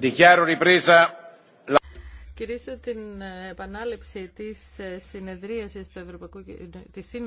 Dichiaro ripresa Κυρίσω την ε, επανάληψη της ε, συνεδρίασης του Ευρωπαϊκού, της